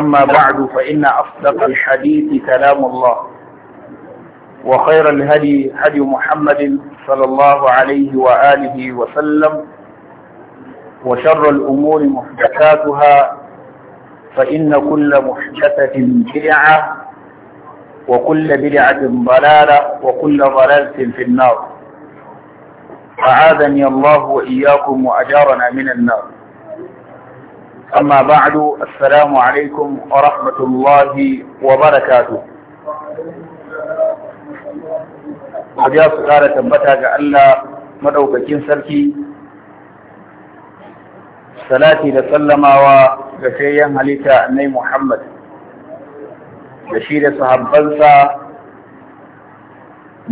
أما بعد فإن أصدق الحديث كلام الله وخير الهدي هدي محمد صلى الله عليه وآله وسلم وشر الأمور محدثاتها فإن كل محدثة بدعة وكل بدعة ضلالة وكل ضلالة في النار أعاذني الله وإياكم وأجارنا من النار أما بعد السلام عليكم ورحمة wa barakatu. Godiya su kara tabbata ga Allah maɗaukakin sarki, salati da sallamawa ga shayyan halitta nai Muhammad, da shi da sahabbansa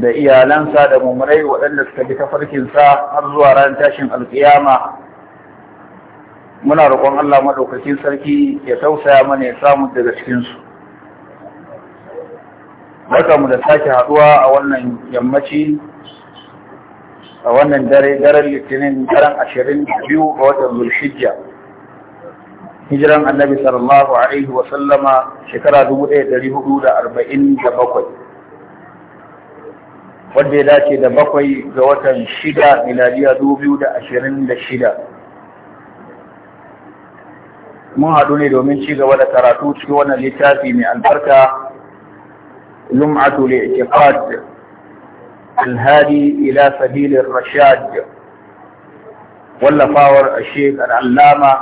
da iyalansa da mummurai waɗanda suka bi tafarkinsa har zuwa ran tashin alkiyama. muna roƙon Allah maɗaukakin sarki ya tausaya mana ya samu daga cikinsu. Barka mu da sake haɗuwa a wannan yammaci, a wannan dare daren litinin daren ashirin da biyu ga watan Zulhijja. Hijiran annabi sallallahu alaihi wa sallama shekara dubu ɗaya ɗari hudu da arba'in da bakwai. wadda ya dace da bakwai ga watan shida miladiya dubu biyu da ashirin da shida. mun haɗu ne domin ci gaba da karatu cikin wannan littafi mai albarka lum'atu li'tiqad al-hadi ila sabil ar-rashad wallafawar Sheikh al-Allama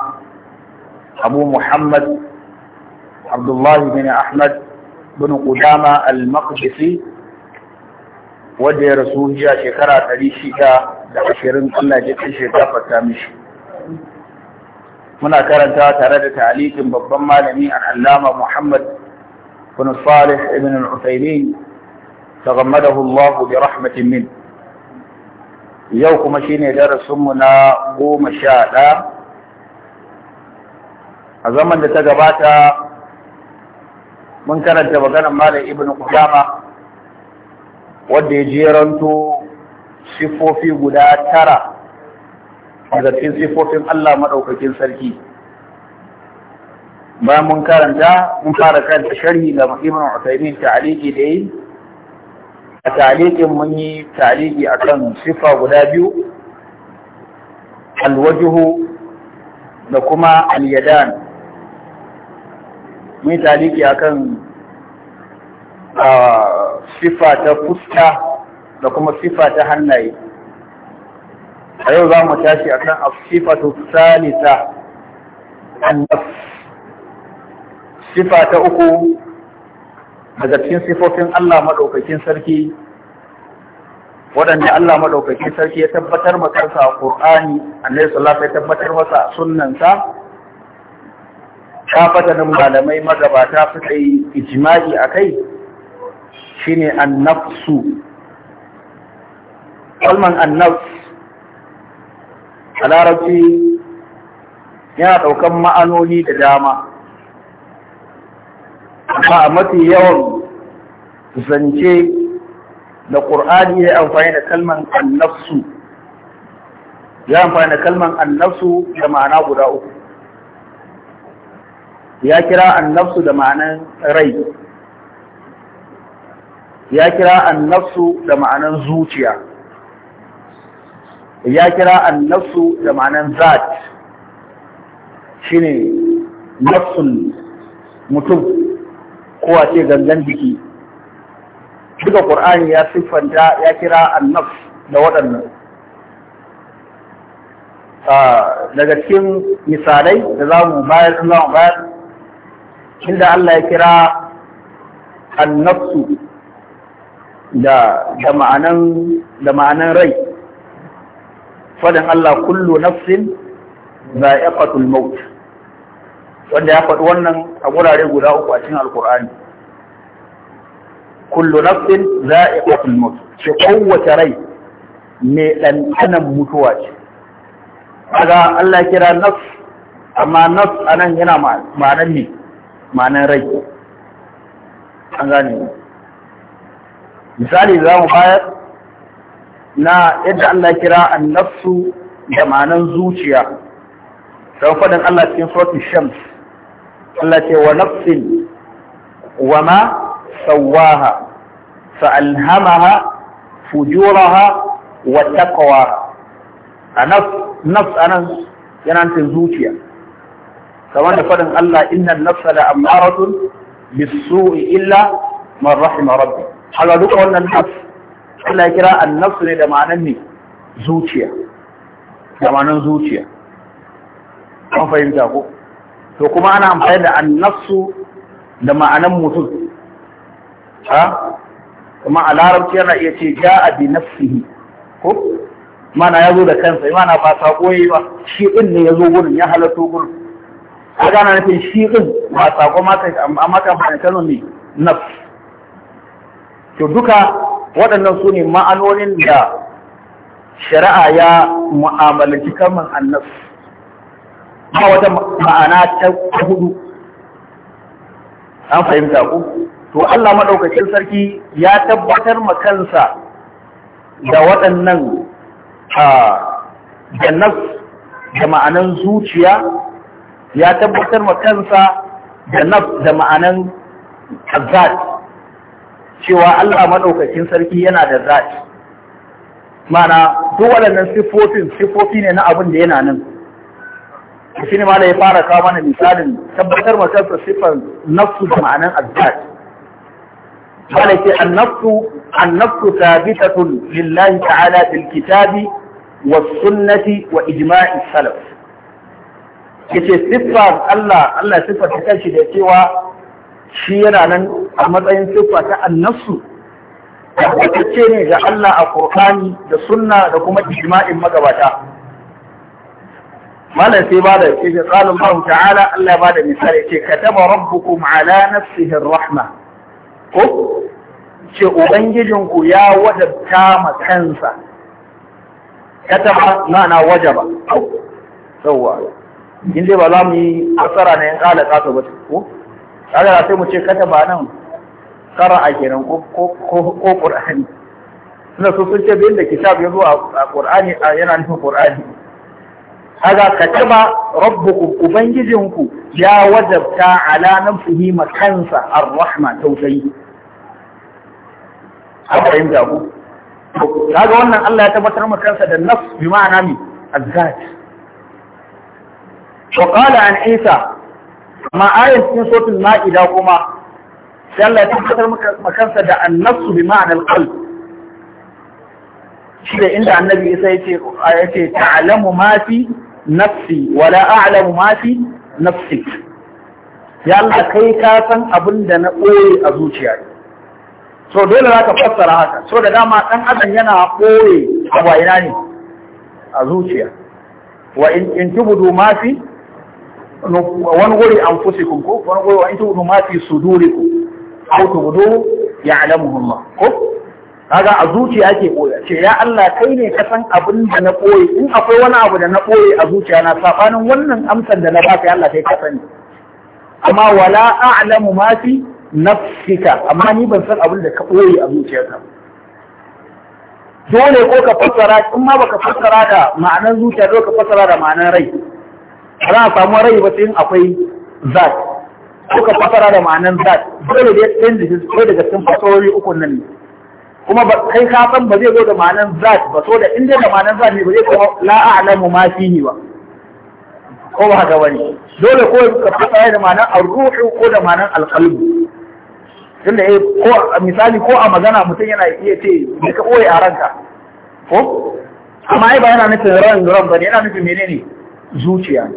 Abu Muhammad Abdullah bin Ahmad bin Qudama al-Maqdisi wanda ya rasu jiya shekara 620 Allah ya ji shi ta fata mishi muna karanta tare da talihin babban malami al'allama Muhammad bin Salih ibn al-Uthaymeen tagammadahu Allah bi rahmatin min yau kuma shine darasin mu na goma sha ɗaya a zaman da ta gabata mun karanta maganar malam ibn Qudama wanda ya jeranto sifofi guda tara daga cikin sifofin Allah maɗaukakin sarki Ba mun karanta mun fara karanta sharhi ga ibn Uthaymeen ta'aliki da yi a ta'alikin mun yi ta'liqi akan sifa guda biyu alwajhu da kuma alyadan mun yi akan sifa ta fuska da kuma sifa ta hannaye a yau za mu tashi akan asifatu salisa annaf sifa ta uku daga cikin sifofin Allah madaukakin sarki waɗanda Allah madaukakin sarki ya tabbatar makarsa a Qur'ani annabi sallallahu ya tabbatar masa sunnansa ta da malamai magabata suka yi ijma'i akai shine annafsu kalman annafs a larabci yana ɗaukan ma'anoni da dama amma a mafi yawan zance da ƙur'ani ya amfani da kalman annafsu ya amfani da kalman annafsu da ma'ana guda uku ya kira annafsu da ma'anan rai ya kira annafsu da ma'anan zuciya ya kira annafsu da ma'anan zat shine nafsun mutum ko a ce gangan jiki duka ƙur'ani ya siffanta ya kira annafs da waɗannan ah, daga cikin misalai da za mu bayar za mu bayar inda Allah ya kira annafsu da da ma'anan rai fadin Allah kullu nafsin za'iqatul maut wanda ya faɗi wannan a gurare guda uku a cikin alkur'ani kullu nafsin za'iqatul maut ce kowace rai mai ɗanɗanan mutuwa ce kaga Allah kira nafs amma nafs anan yana ma'anan ne ma'anan rai an gane misali za mu bayar na yadda Allah kira annafsu da ma'anan zuciya don faɗin Allah cikin suratu shams Allah ce wa nafsin wa ma sawaha fa'alhamaha fujuraha wa taqwa a nafs anan yana nufin zuciya kamar da faɗin Allah inna nafsa da amaratun bisu'i illa man rahima rabbi haka duka wannan nafs Allah ya kira annafsu ne da ma'anan ne zuciya da ma'anan zuciya an fahimta ko to kuma ana amfani da annafsu da ma'anan mutum ha kuma a larabci yana iya ce ja a bi nafsihi ko mana ya zo da kansa mana ba sako yi ba shi ɗin ne ya zo gudun, ya halatto gudun. a gana nufin shi ɗin ba sako maka amma kan fahimtar ne nafs to duka waɗannan su ne ma'anonin da shari'a ya mu'amalci kalmar annas ba wata ma'ana ta hudu an fahimta ku to Allah madaukakin sarki ya tabbatar ma kansa da waɗannan a nafs da ma'anan zuciya ya tabbatar ma kansa da nafs da ma'anan azad cewa Allah maɗaukakin sarki yana da zaɓi mana duk waɗannan siffofin siffofi ne na abin da yana nan shi ne ya fara kawo mana misalin tabbatar masarsa siffar nafsu da ma'anan azzat bala ce annafsu annafsu sabitatun lillahi ta'ala bil kitabi wa sunnati wa ijma'i salaf yace siffar Allah Allah siffar ta kanshi da cewa shi yana nan a matsayin siffa ta annasu tabbatacce ne ga Allah a Qur'ani da sunna da kuma ijma'in magabata malam sai ba da yake tsalin Allah ta'ala Allah ba da misali ce kataba rabbukum ala nafsihi rahma ko ce ubangijinku ya wadatta ma kansa kataba ma'ana wajaba yawwa in dai ba za mu yi asara na yan kala kasa ba ko kaga sai mu ce ba nan a kenan ko ko ko qur'ani suna so sun ce bin da kitab ya zo a qur'ani yana nufin qur'ani kaga kataba rabbukum ubangijinku ya wajabta ala nafsihi makansa ar-rahma tausayi a fahimta ku kaga wannan Allah ya tabbatar ma kansa da nafs bi ma'ana mi azgat wa qala an amma cikin sotul ma'ida kuma sai Allah ya tabbatar makansa da annasu bi ma'anar qalb shi da inda annabi Isa yace yace ta'lamu ma fi nafsi wala a'lamu ma fi nafsi ya Allah kai ka san abin da na ɓoye a zuciya so dole za ka fassara haka so da dama ɗan adam yana ɓoye a ina ne a zuciya wa in tubudu ma fi wani wuri an fusi kun ko wani wuri wani tuhu mafi su duri ku ya alamu ya'lamuhullah ko kaga a zuciya ake koya ce ya Allah kai ne ka san abin da na koyi in akwai wani abu da na koyi a zuciya na sabanin wannan amsar da na baka ya Allah kai ka sani amma wala a'lamu ma fi nafsika amma ni ban san abin da ka koyi a zuciyarka dole ko ka fassara in ma baka fassara da ma'anar zuciya ko ka fassara da ma'anar rai ba za a samu rai ba sai akwai zat suka fasara da ma'anan zat dole da ya canji shi sai daga cikin fasarori uku nan ne kuma kai ka san ba zai zo da ma'anan zat ba so da inda da ma'anan zat ne ba zai kuma la a'lamu ma fihi ba ko ba haka wani dole ko ka fasara da ma'anan ar-ruhu ko da ma'anan al-qalbu tunda eh ko misali ko a magana mutum yana iya ce me ka ɓoye a ranka ko amma ai ba yana nufin ran ran ne, yana nufin menene zuciya ne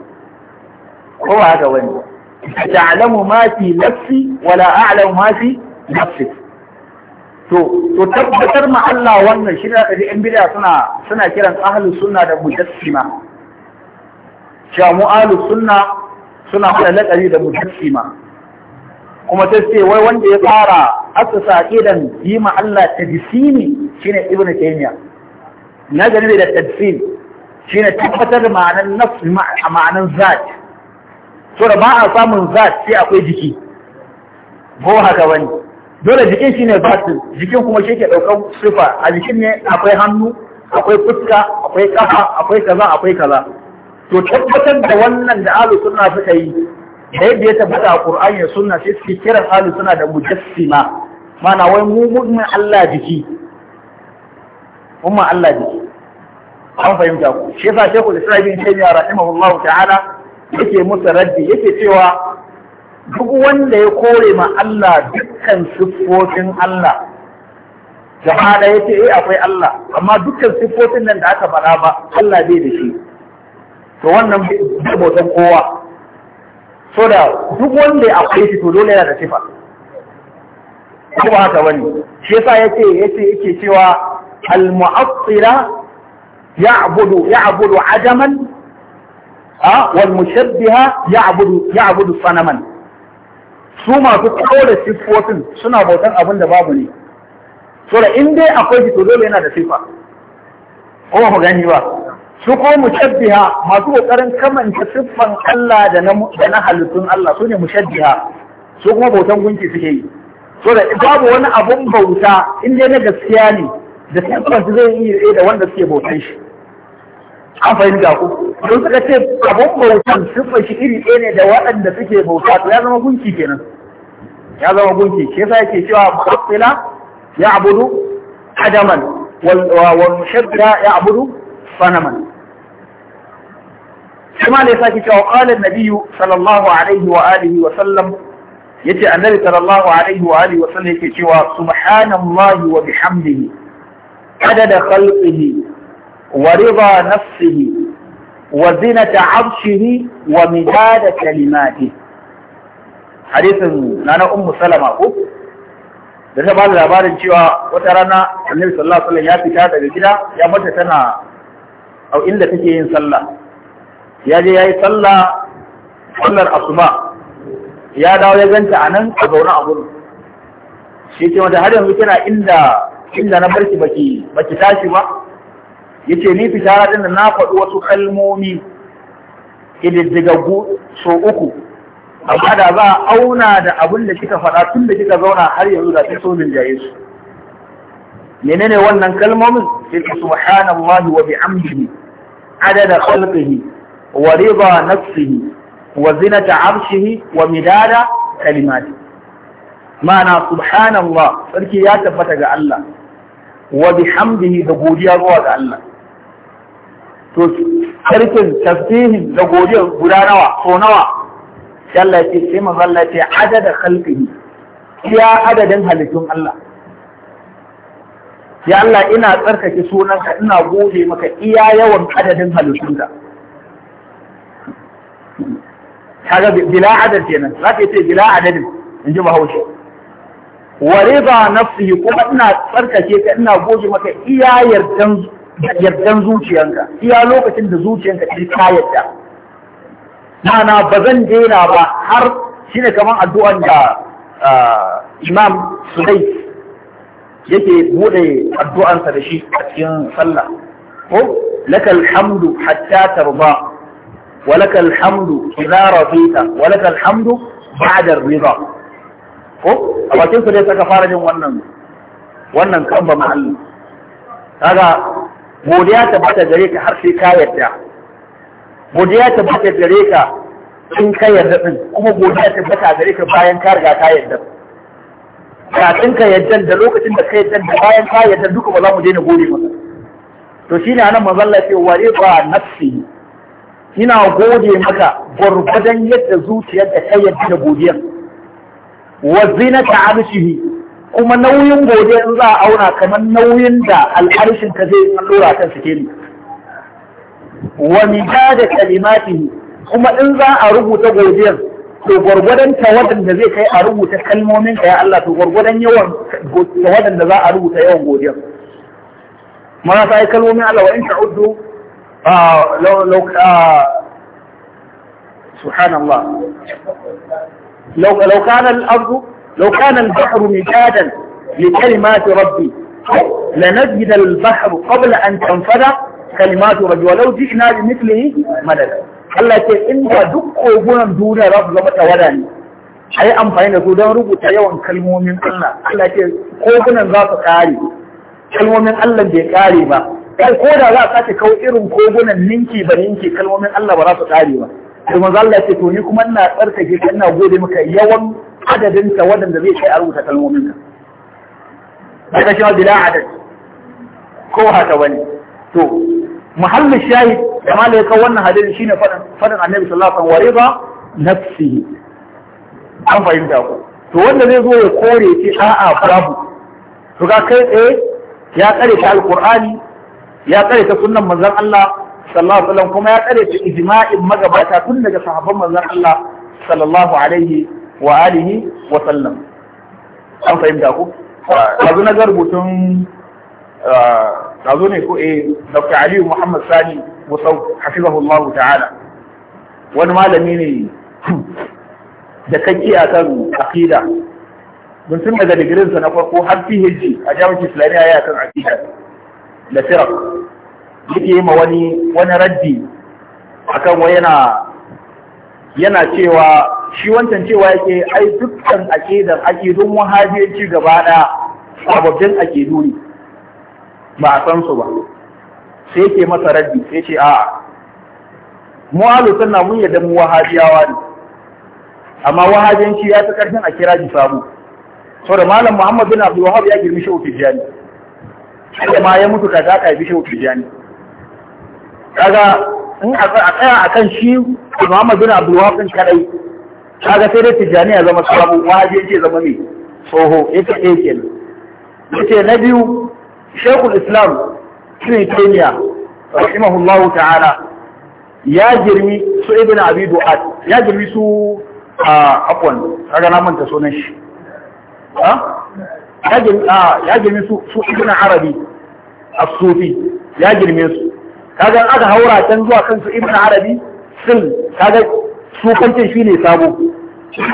ko ba haka bane ta'lamu ma fi nafsi wala a'lamu ma fi nafsi to to tabbatar ma Allah wannan shi da ɗan bid'a suna suna kiran ahlus sunna da mujassima cewa mu ahlus sunna suna kula laƙari da mujassima kuma ta ce wai wanda ya fara asasa aqidan yi ma Allah tadisimi shine ibn taymiya na gani da tadsim shine tabbatar ma'anan nafs ma'anan zat so da ba a samun zat sai akwai jiki ko haka bane dole jikin shine zat jikin kuma shi ke daukar sifa a jikin ne akwai hannu akwai fuska akwai kafa akwai kaza akwai kaza to tabbatar da wannan da ahlus sunna suka yi da yadda ya tabbata a Qur'ani da sunna sai suke kiran ahlus sunna da mujassima mana wai mu mu'min Allah jiki umma Allah jiki an fahimta ku shi yasa Sheikhul Islam Ibn Taymiyyah rahimahullahu ta'ala yake musa raddi yake cewa duk wanda ya kore ma Allah dukkan siffofin Allah jama'a ya ce eh akwai Allah amma dukkan siffofin nan da aka faɗa ba Allah bai da shi to wannan bai bautan kowa so da duk wanda ya akwai shi to dole yana da sifa ko ba haka bane shi yasa yace yace yake cewa al-mu'attila ya'budu ya'budu ajaman wal mushabbiha ya'budu ya'budu sanaman su masu kore siffofin suna bautan abin da babu ne so da in dai akwai shi to dole yana da siffa kuma mu gani ba su ko mushabbiha masu kokarin kamanta siffan Allah da na halittun Allah sune ne mushabbiha su kuma bautan gunki suke yi so da babu wani abun bauta in dai na gaskiya ne da siffan zai yi da wanda suke bautan shi an fahimta ku don suka ce abun bautan siffa shi iri ɗaya ne da waɗanda suke bauta to ya zama gunki kenan ya zama gunki shi yasa yake cewa mu'attila ya abudu adaman wa mushabbira ya abudu sanaman kuma ne sake cewa qala an-nabiy sallallahu alaihi wa alihi wa sallam yace annabi sallallahu alaihi wa alihi wa sallam yake cewa subhanallahi wa bihamdihi adada khalqihi ورضا نفسه وزنة عرشه ومداد كلماته حديث نانا أم سلمة أب da ta ba da labarin cewa wata rana annabi sallallahu alaihi ya fita daga gida ya mata tana a inda take yin sallah ya je yayi sallah sallar asuba ya dawo ya ganta a nan a zaune a gurin shi wanda har yanzu kina inda inda na barki baki baki tashi ba yace ni fitara da na faɗi wasu kalmomi ididdigaggu so uku amma da za a auna da abin da kika faɗa tun da kika zauna har yanzu da kin so jaye su menene wannan kalmomin sai subhanallahi wa bihamdihi adada khalqihi wa rida nafsihi wa zinata arshihi wa midada kalimati ma'ana subhanallah sarki ya tabbata ga Allah wa bihamdihi da godiya zuwa ga Allah to sarkin tasbihin da godiyar guda nawa so nawa Yalla ce sai manzo Allah ce adada khalqihi iya adadin halittun Allah ya Allah ina tsarkake sunanka ina gode maka iya yawan adadin halittunka kaga bila adad kenan za ka ce bila adadin in ji bahaushe wa riba nafsihi kuma ina tsarkake ka ina gode maka iya yardan da yardan zuciyanka iya lokacin da zuciyanka ta ta yarda mana ba zan daina ba har shine kamar addu'an da imam sulai yake buɗe addu'ansa da shi a cikin sallah ko lakal hamdu hatta tarda wa lakal hamdu idza radita wa lakal hamdu ba'da rida ko a bakin dai saka fara jin wannan wannan kan ba mahalli kaga godiya tabbata gare ka har sai ka yarda godiya tabbata gare ka in ka yarda din kuma godiya tabbata gare ka bayan ka riga ka yarda kafin ka yarda da lokacin da ka yarda da bayan ka yarda duka ba za mu daina gode maka to shine anan manzon Allah ce wa riba nafsi ina gode maka gurgudan yadda zuciyar da ka yarda da godiyar wa zinata arshihi kuma nauyin gobe in za a auna kamar nauyin da al'arshin ka zai lura kan sikeli wani da da kalimati kuma in za a rubuta godiyar to gwargwadon tawadan da zai kai a rubuta kalmomin ka ya Allah to gwargwadon yawan tawadan da za a rubuta yawan godiyar mana sai kalmomin Allah wa in ta'uddu subhanallah law kana al-ardu لو كان البحر مدادا لكلمات ربي لنجد البحر قبل أن تنفذ كلمات ربي ولو جئنا بمثله مددا Allah ce in ba duk kogunan duniya za su zama tawada ne a yi amfani da su don rubuta yawan kalmomin Allah Allah ce kogunan za su kare kalmomin Allah bai kare ba kai ko da za a sace kawo irin kogunan ninki ba ninki kalmomin Allah ba za su kare ba kuma to ni kuma ina tsarkake ina gode muka yawan adadin ka waɗanda zai kai a rubuta kalmomin ka daga cewa bila adad ko haka wani to muhallin shahid da malai kan wannan hadisi shine faɗin faɗin annabi sallallahu alaihi wasallam wariba nafsihi an fahimta ko to wanda zai zo ya kore ce a'a babu to ga kai tsaye ya tsare ta alqur'ani ya tsare ta sunnan manzon Allah sallallahu alaihi wasallam kuma ya tsare ta ijma'in magabata tun daga sahabban manzon Allah sallallahu alaihi wa alihi wa sallam an fahimta ku yanzu na ga rubutun yanzu ah, ne ko eh Dr. Aliyu Muhammad Sani Musau hafizahullahu ta'ala wani malami ne da iya akan aqida mun tun daga digirinsa na farko har PhD a jami'ar Islamiyya ya akan aqida da firak yake yi ma wani wani raddi akan wai yana yana cewa shi wancan cewa yake ai dukkan aƙidar aƙidun wahabiyanci gaba da sababbin aƙidu ne ba a san su ba sai ke masa rabbi sai ce a'a mu ahlu sunna mun yadda mu wahabiyawa ne amma wahajiyanci ya fi karfin a kira ji samu da malam Muhammad bin Abdul wahab ya girmi Shehu Tijjani sai ma ya mutu kaza ka bi Shehu Tijjani kaga in a tsaya a kan shi Muhammad bin Abdul Wahab kadai kaga sai dai Tijjani ya zama sabo waje ce zama mai tsoho yake ɗaya kenan yace na biyu shekul Islam Ibn Taymiyyah rahimahullahu ta'ala ya girmi su Ibn Abi Du'ad ya girmi su a afwan kaga na manta sunan shi ya girmi su Ibn Arabi as-Sufi ya girme su kaga an aka haura can zuwa kansu ibn arabi sun kaga sufancin shi ne sabo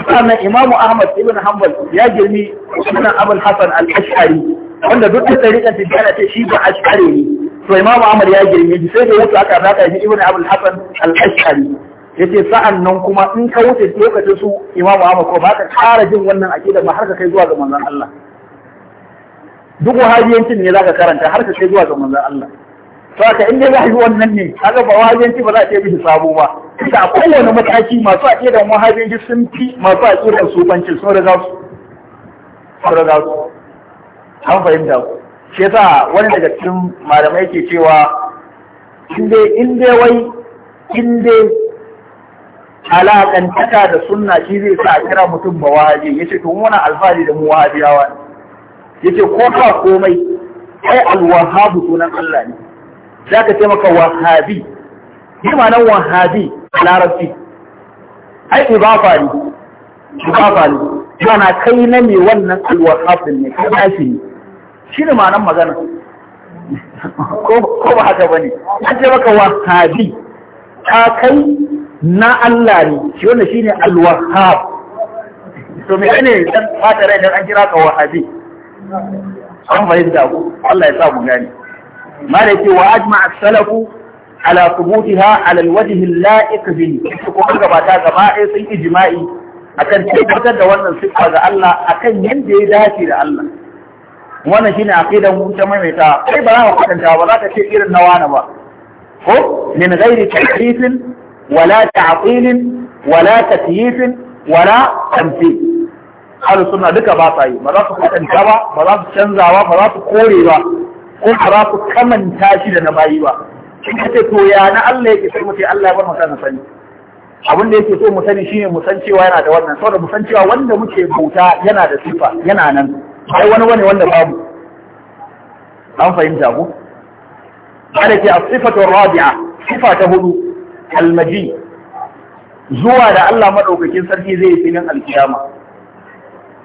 sannan imamu ahmad ibn hanbal ya girmi sunan abul hasan al-ash'ari wanda duk da tarikan tijjana ce shi ba ash'ari ne to imamu ahmad ya girmi shi sai da wuce aka zaka yi ibn abul hasan al-ash'ari yace sa'an nan kuma in ka wuce lokacin su imamu ahmad ko ba ka kara jin wannan akida ba har ka kai zuwa ga manzon Allah duk wahabiyancin ne zaka karanta har ka kai zuwa ga manzon Allah to haka in dai za a yi wannan ne haka ba wahabiyanci ba za a ce bishi sabo ba kisa kowane mataki masu a aƙidan wahabiyanci sun fi masu a aƙidan sufanci sun riga su sun riga su an fahimta ku shi yasa wani daga cikin malamai ke cewa in dai in dai wai in dai alakantaka da sunna shi zai sa a kira mutum ba Ya ce to muna alfahari da mu Ya ce ko ka komai kai alwahabu sunan Allah ne za ka taimaka wahabi bi ma'anar wahabi a larabci ai ibafa ne ibafa ne yana kai na mai wannan alwahabin ne kai shi ne shi ne nan magana ko ba haka ba ne an taimaka wahabi ta kai na Allah ne shi wanda shi ne alwahab to me ne dan fata rai da an kira ka wahabi an fahimta ku Allah ya sa mu gani wa ما ليتي وأجمع ala على ثبوتها على الوجه اللائق ko kuma gabata gaba ɗaya sun ijma'i akan tabbatar da wannan sifa ga Allah akan yadda ya dace da Allah wannan shine aqidan wuta maimaita kai ba za ka kwatanta ba za ka ce irin na wani ba ko min ghairi tahrifin wala ta'tilin wala takyifin wala tamthil ahlus sunna duka ba sa yi ba za su kwatanta ba ba za su canza ba ba za su kore ba ko ba za ku kamanta shi da na bayi ba shi ka ce to ya na Allah yake sai mu ce Allah ya bar mu sanin sani abin da yake so mu sani shine mu san cewa yana da wannan saboda mu san cewa wanda muke bauta yana da sifa yana nan ai wani wani wanda babu an fahimta ku ana ke as-sifatu rabi'a sifa ta hudu almaji, zuwa da Allah madaukakin sarki zai yi filin alkiyama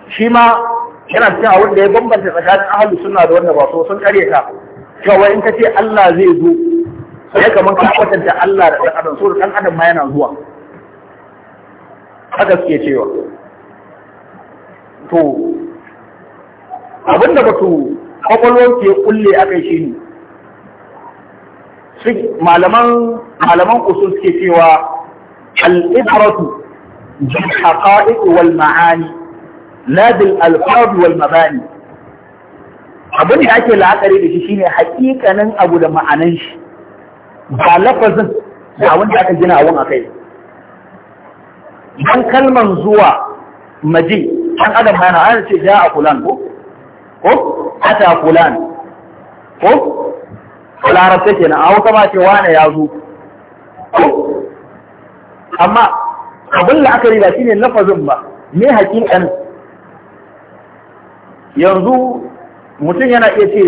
shi ma yana cikin abin da ya bambanta tsakanin ahalu suna da wanda ba so sun kare ka cewa in ka ce Allah zai zo sai kamar ka kwatanta Allah da ɗan adam so da ɗan adam ma yana zuwa haka suke cewa to abinda da batu kwakwalwar ke kulle akai shi ne malaman malaman usul suke cewa al-ibratu bil haqa'iq wal ma'ani la bil alfaz wal mabani abin da ake la'akari da shi shine hakikanin abu da ma'anan shi ba lafazin da abin da aka gina abun akai dan kalman zuwa maji an adam yana ana ce ja a kulan ko ko ata kulan ko larabta kenan a hausa ma ce wane ya zo amma abin la'akari ba shine lafazin ba me hakikan yanzu mutum yana iya ce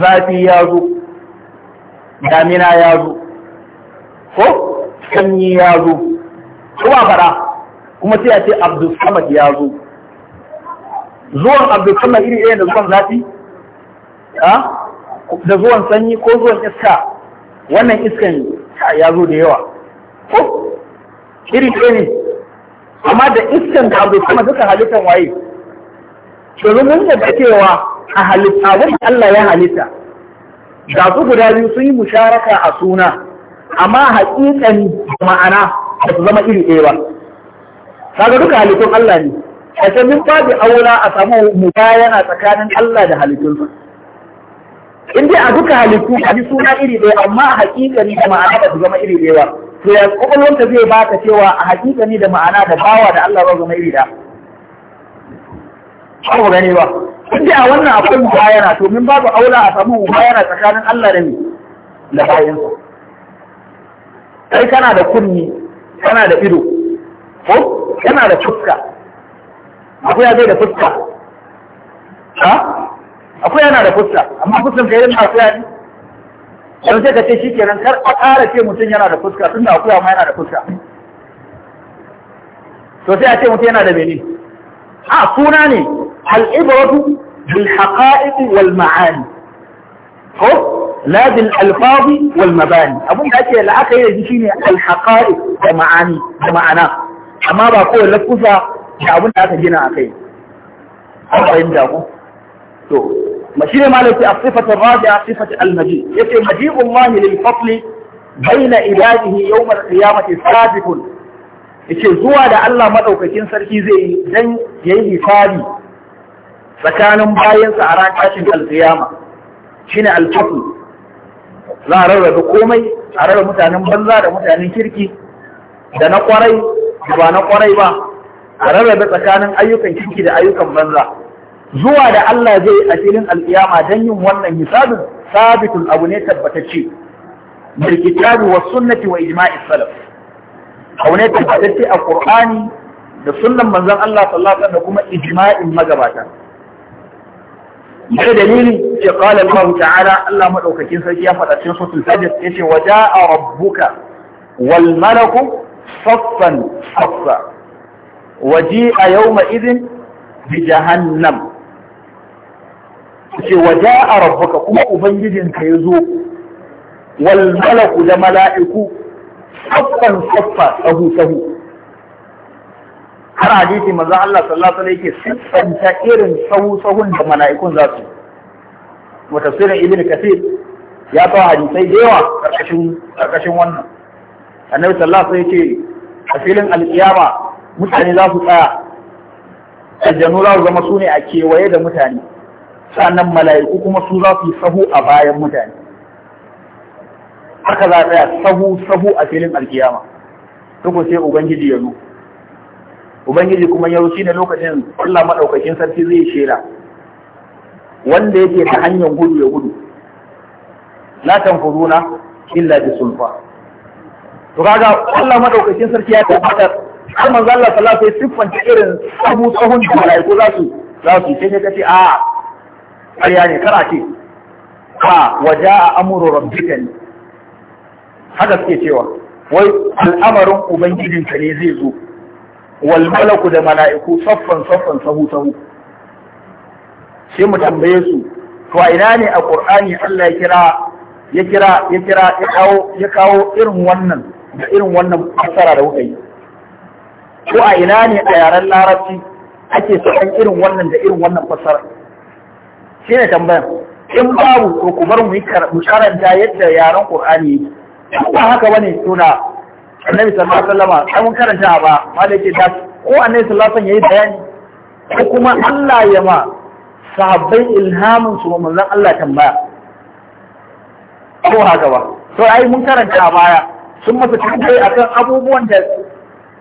zafi ya zo damina ya zo ko sanyi ya zo kuma fara kuma sai ya ce Abdulsamad samad ya zo zuwan Abdulsamad samad iri ɗaya da zuwan zafi da zuwan sanyi ko zuwan iska wannan iskan ya zo da yawa ko iri ɗaya ne amma da iskan da Abdulsamad samad duka halittar waye domin mun da cewa a halitta abin Allah ya halitta ga su guda biyu sun yi musharaka a suna amma haƙiƙan ma'ana ba su zama iri ɗaya ba kaga duka halittun Allah ne kace min babu aula a samu mubayana tsakanin Allah da halittun halittunsa in dai a duka halittu a suna iri ɗaya amma haƙiƙani da ma'ana ba su zama iri ɗaya ba to ya ta zai baka cewa a haƙiƙani da ma'ana da bawa da Allah ba zama iri ɗaya ba mu gani ba kun a wannan akwai mubayana to min babu aula a samu mubayana tsakanin Allah da ni da bayansa kai kana da kunni kana da ido ko kana da fuska akwai zai da fuska ha akwai yana da fuska amma fuskan kai yana akwai ne dan sai ka ce shikenan kar a ƙara ce mutum yana da fuska tunda akwai ma yana da fuska to sai a ce mutum yana da mene a suna ne العبرة بالحقائق والمعاني ko la bil alfazi wal mabani abun da ake la'aka yi shine al haqa'iq da ma'ani da ma'ana amma ba kowa lafuza da abun da aka gina kai, an fahimta ko to mashine malaki as-sifatu ar-rabi'a sifatu al-maji yace maji'u Allah lil fadl baina ibadihi yawm al-qiyamati sabiqun yace zuwa da Allah madaukakin sarki zai yi dan yi hisabi tsakanin bayansa a ran tashin alkiyama shine alfasu za a rarrabe komai a rarrabe mutanen banza da mutanen kirki da na kwarai da ba na kwarai ba a rarrabe tsakanin ayyukan kirki da ayyukan banza zuwa da Allah zai a filin alkiyama don yin wannan hisabin sabitin abu ne tabbatacce bil kitabi was sunnati wa ijma'is salaf abu ne tabbatacce a qur'ani da sunnan manzon Allah sallallahu alaihi wasallam da kuma ijma'in magabata mai dalili ce qala Allah ta'ala Allah madaukakin sarki ya faɗa cikin suratul fajr yace wa ja'a rabbuka wal malaku saffan saffa wa ji'a yawma idhin bi jahannam ce wa ja'a rabbuka kuma ka ya zo. wal malaku da mala'iku saffan saffa tsahu-tsahu. har hadisi maza Allah sallallahu alaihi wasallam yake irin sahu-sahun da mala'ikun za su wa tafsirin ibn kathir ya ta hadisai da yawa karkashin karkashin wannan annabi sallallahu alaihi wasallam a filin alkiyama mutane za su tsaya aljanu za su zama su ne a kewaye da mutane sannan mala'iku kuma su za su yi sahu a bayan mutane haka za a tsaya sahu sahu a filin alkiyama duk sai ubangiji ya zo ubangiji kuma ya rushe ne lokacin Allah madaukakin sarki zai shela wanda yake ta hanyar gudu ya gudu la tanfuruna illa bi sulfa to kaga Allah madaukakin sarki ya tabbatar har manzo Allah sallallahu alaihi wasallam siffanta irin abu tsohon da malaiku za su za su ce kace a ƙarya ne kara ce ka waja amru rabbika haka suke cewa wai al'amarin ubangijinka ne zai zo wal malaku da mala'iku saffan saffan sahu sahu sai mu tambaye su to a ina ne a ƙur'ani Allah ya kira ya kira ya kira ya kawo ya kawo irin wannan da irin wannan fassara da kuka yi ko a ina ne a yaren larabci ake sakan irin wannan da irin wannan fassara shi ne tambayar in babu to ku bar mu karanta yadda yaren qur'ani yake ba haka bane tuna annabi sallallahu alaihi wasallam sai mun karanta ba malai ke da ko annabi sallallahu alaihi wasallam yayi bayani ko kuma Allah ya ma sahabbai ilhamin su manzon Allah tambaya ko haka ba to ai mun karanta a baya sun masa tambayi akan abubuwan da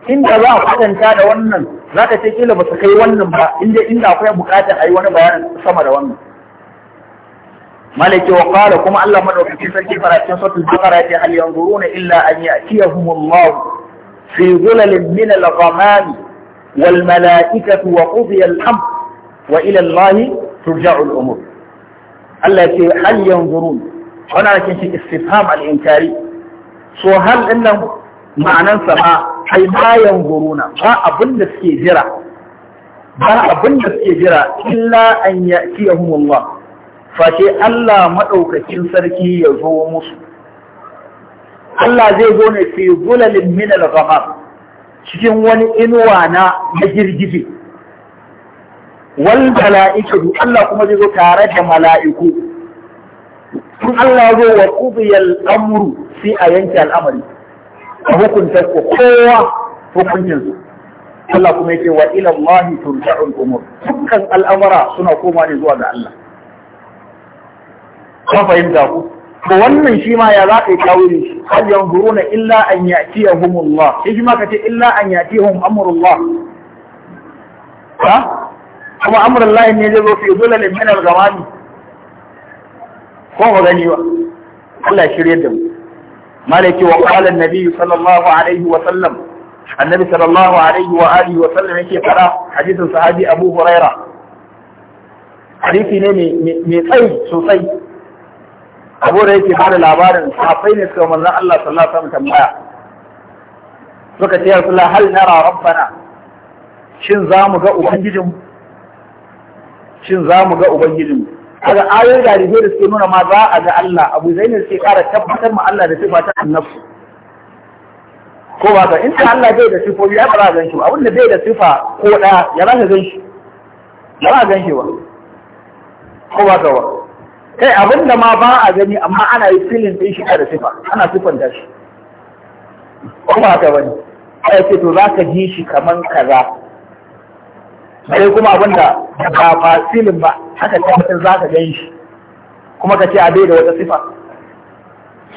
inda za a kwatanta da wannan za ka ce kila ba su kai wannan ba inda inda akwai bukatar a yi wani bayanin sama da wannan malaki wa qala kuma Allah madaukakin sarki farashin suratul baqara ya ce hal yanzuruna illa an ya'tiyahum Allah fi zulalin min al-ghamam wal malaikatu wa qudiya al-amr wa ila Allah turja'u al-umur Allah ce hal yanzurun wannan kin shi istifham al-inkari so hal dinnan ma'anan sa ba ai ma yanzuruna ba abinda suke jira ba abinda suke jira illa an ya'tiyahum Allah Fashe Allah maɗaukakin sarki ya zo musu. Allah zai zo ne fi gulalin minar al cikin wani inuwa na na girgije. Wal mala'ikatu Allah kuma zai zo tare da mala'iku. Tun Allah zo wa ƙubiyar amru sai a yanke al'amari. A hukunta kowa hukuncinsu. Allah kuma yake wa ila Allah umur. Dukkan al'amara suna koma ne zuwa ga Allah. ka fahimta ku to wannan shi ma ya za ka yi tawili shi hal yanzuruna illa an ya'tiyahumullah shi ma ka ce illa an ya'tiyahum amrullah ha kuma amrullah ne zai zo fi zulalin min al-ghamami ko ba gani ba Allah shirye da mu malaki wa qala an-nabi sallallahu alaihi wa sallam annabi sallallahu alaihi wa alihi wa sallam yake fara hadisin sahabi Abu Huraira hadisi ne mai tsayi sosai abu da yake bada labarin safai ne suka manzan Allah sallallahu alaihi wasallam tambaya suka ce ya rasulullah hal nara rabbana shin za mu ga ubangijin shin za mu ga ubangijin kaga ayoyi da hadisi da suke nuna ma za a ga Allah abu zainab sai kara tabbatar ma Allah da sifa ta annabi ko ba ga in Allah bai da sifofi ya ba gan shi ba da bai da sifa ko da ya ba gan shi ya ba gan shi ba ko ba ga ba kai eh, abin da ma ba a gani amma ana yi filin ɗin shi da sifa ana sifanta shi ko ba ta bane ai ce to za ka ji shi kaman kaza sai kuma abin da ba ba filin ba haka tabbatar za ka gan shi kuma ka ce a bai da wata sifa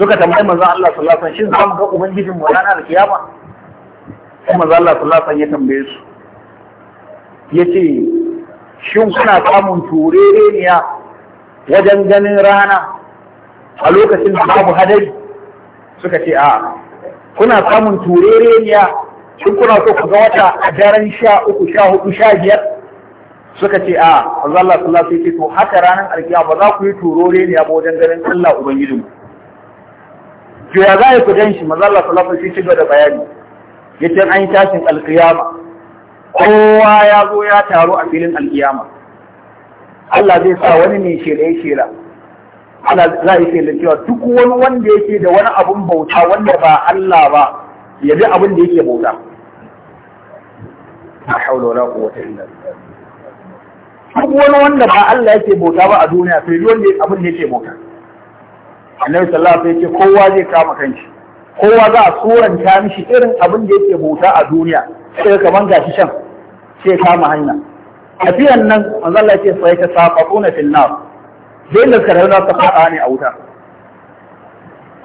suka tambayi manzon Allah sallallahu alaihi wasallam shin za mu ga ubangijin mu ranar kiyama Kuma manzon Allah sallallahu alaihi wasallam ya tambaye su yace shin kuna samun turereniya wajen ganin rana a lokacin da babu hadari suka ce a kuna samun turereniya in kuna so ku ga wata a daren sha uku sha hudu sha biyar suka ce a Allah sallallahu sai ce to haka ranar alkiya ba za ku yi turereniya ba wajen ganin Allah ubangijin to ya za ku gan shi manzo Allah sai alaihi wasallam da bayani yace an yi tashin alkiyama kowa ya zo ya taru a filin alkiyama Allah zai sa wani ne shela ya shela Allah za a yi shela cewa duk wani wanda yake da wani abun bauta wanda ba Allah ba ya bi abin da yake bauta la haula wala quwwata illa billah duk wani wanda ba Allah yake bauta ba a duniya sai duk wanda abin da yake bauta Annabi sallallahu alaihi wasallam ya ce kowa zai kama kanshi kowa za a suranta mishi irin abin da yake bauta a duniya sai kamar gashi shan sai kama hanya tafiyan nan manzo Allah ce sai ta saqafuna fil nar dai da karar za ta fada ne a wuta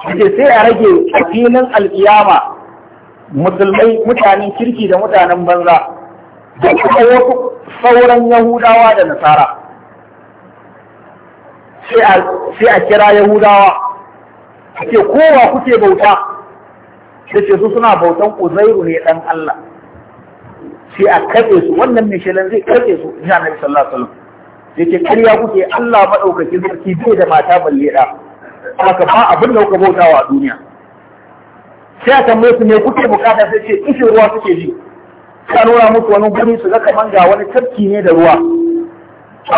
sai a rage a filin alkiyama musulmai mutanen kirki da mutanen banza da kuma wasu sauran yahudawa da nasara sai a kira yahudawa a kowa kuke bauta da ce su suna bautan uzairu ne dan Allah sai a karɓe su wannan mai shelan zai karɓe su in na sallallahu alaihi wasallam yake ƙarya kuke Allah madaukakin sarki bai da mata balle da haka ba abin da kuka bautawa a duniya sai a tambaye su me kuke bukata sai ce kishin ruwa suke ji ka nuna musu wani guri su zaka manga wani tafki ne da ruwa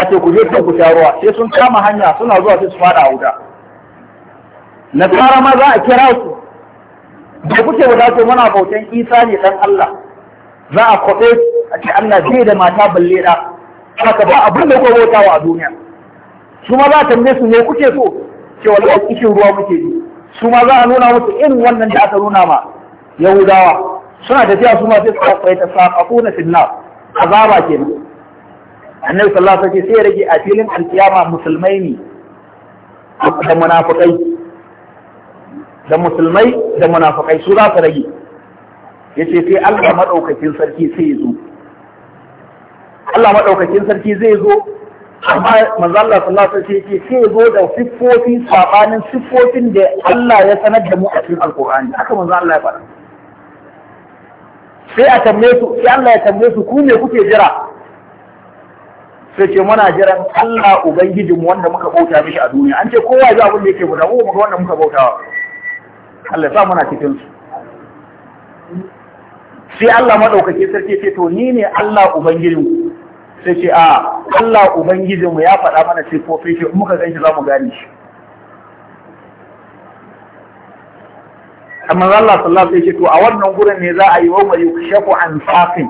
a ce ku je kan ku sha ruwa sai sun kama hanya suna zuwa sai su fada a wuta nasara ma za a kira su da kuke wadata muna bautan isa ne dan Allah za a kwaɓe a ce Allah zai da mata balle da haka ba abin da kwaɓota wa a duniya su ma za a tambaye su ne kuke so ce wallahi kishin ruwa muke ji su ma za a nuna musu irin wannan da aka nuna ma yahudawa suna tafiya su ma sai su kwaɓe ta saƙaƙuna finnar azaba kenan annabi sallallahu alaihi wasallam sai rage a filin alkiyama musulmai ne da munafukai. da musulmai da munafukai su za su rage ya ce sai Allah maɗaukakin sarki sai ya zo Allah maɗaukakin sarki zai zo amma manzo Allah sallallahu alaihi wasallam ce sai ya zo da siffofi sabanin siffofin da Allah ya sanar da mu a cikin alqur'ani haka manzo Allah ya faɗa sai a tambaye su sai Allah ya tambaye su ku me kuke jira sai ce muna jiran Allah ubangijin wanda muka bauta mishi a duniya an ce kowa ya abin da yake mu da mu muka wanda muka bautawa Allah ya sa muna cikin su sai Allah maɗaukake sarki ce to ni ne Allah ubangijinku sai ce a Allah ubangijinmu ya faɗa mana siffofin shi muka gan shi za mu gane shi amma Allah sallallahu alaihi to a wannan gurin ne za a yi wa yukshafu an safin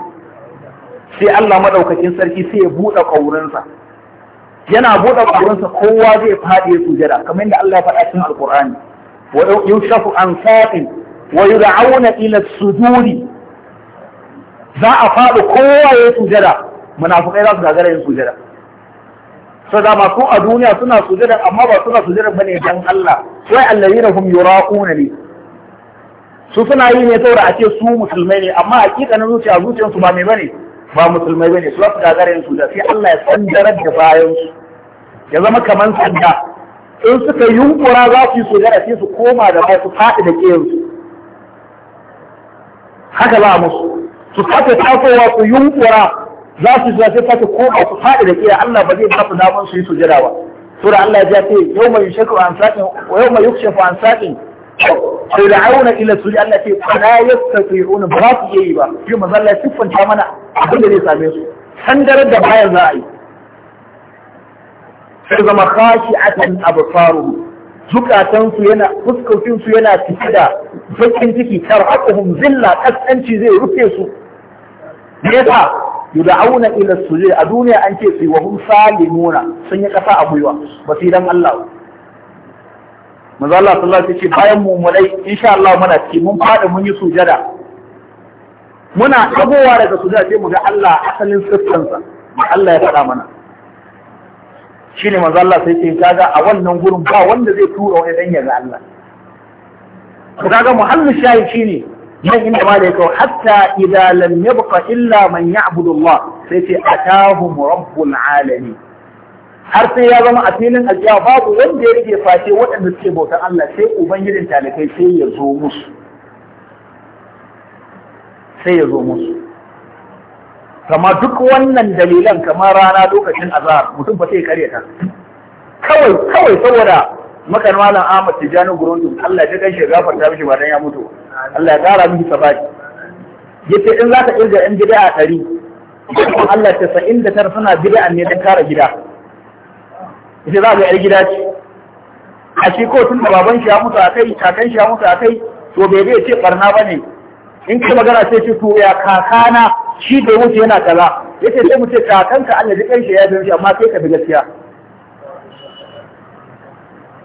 sai Allah madaukakin sarki sai ya bude kaurinsa yana bude kaurinsa kowa zai fadi sujada kamar yadda Allah ya faɗa cikin Alqur'ani wa yukshafu an safin wa yud'auna ila sujudi za a faɗi kowa ya yi sujada munafukai za su gagara yin sujada so da masu a duniya suna sujada amma ba suna sujada bane dan Allah wai allazina hum yuraquna ne su suna yi ne saboda a ce su musulmai ne amma hakikanin zuciya zuciyarsu ba mai bane ba musulmai bane su za su gagara yin sujada sai Allah ya sandarar da bayan su ya zama kaman sanda in suka yunkura za su yi sujada sai su koma da ba su faɗi da ƙiyarsu haka ba musu su sake tasowa su yunkura za su za su sake koma su faɗi da kira Allah ba zai ba su damar su yi sujada ba sura Allah ya ce yau mai yushku an saqin wa yau mai yukshafu an saqin fir'auna ila sujud Allah ce fala yastati'una ba su yi ba shi manzo Allah ya siffanta mana abin da zai same su sandarar da bayan za a yi sai zama khashi'atan absaruhum zukatansu yana fuskokinsu yana cike da bakin ciki tarhaquhum zilla kaskanci zai rufe su me yasa yud'auna ila sujud a duniya an ce musa wa salimuna sun yi kasa a gwiwa ba su dan Allah manzo Allah sallallahu alaihi wasallam bayan mu mulai insha Allah muna ci mun fada mun yi sujada muna dagowa daga sujada sai mu ga Allah asalin siffansa Allah ya faɗa mana shi ne manzo Allah sai ce kaga a wannan gurin ba wanda zai tura wani dan ya ga Allah to kaga muhallin shayi shine nan inda ma da ya kawo hatta idza lam yabqa illa man ya'budu Allah sai ce atahum rabbul alamin har sai ya zama a filin aljiya babu wanda ya rike face waɗanda suke bautan Allah sai ubangijin talakai sai ya zo musu sai ya zo musu kama duk wannan dalilan kamar rana lokacin azhar mutum ba sai karya ta kawai kawai saboda makan malam Ahmad Tijani Gurundu Allah ya gaishe gafarta mishi ba dan ya mutu ba Allah ya ƙara miki sabaki yace in za ka irga yan a ɗari Allah ta sa'in da tara suna bid'a ne don kare gida yace za ga yar gida ce a shi ko tun da baban shi ya mutu a kai kakan shi ya mutu a kai to bai bai ce barna ba ne in ka magana sai ce to ya kakana shi bai wuce yana kaza yace sai mu ce kakanka Allah da kanshi ya bi amma sai ka bi gaskiya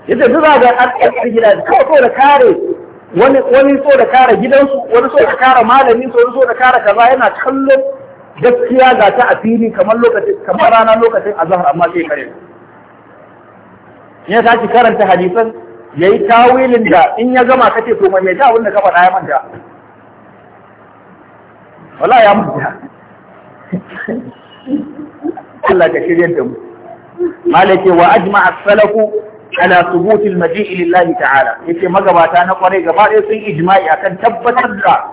yace duk za ga an ƙasar gida kawai kawai da kare wani so da kare gidansu wani so da kare so wani so da kare kaza yana kallon gaskiya ga ta a fili kamar lokacin kamar rana lokacin azhar amma sai kare sai ki karanta hadisan yayi tawilin da in ya gama kace to mai ta abin da ka faɗa ya manta wallahi ya manta Allah ka shirye da mu malike wa ajma'a salafu ala subutil maji'i lillahi ta'ala yace magabata na kware gaba ɗaya sun ijma'i akan tabbatar da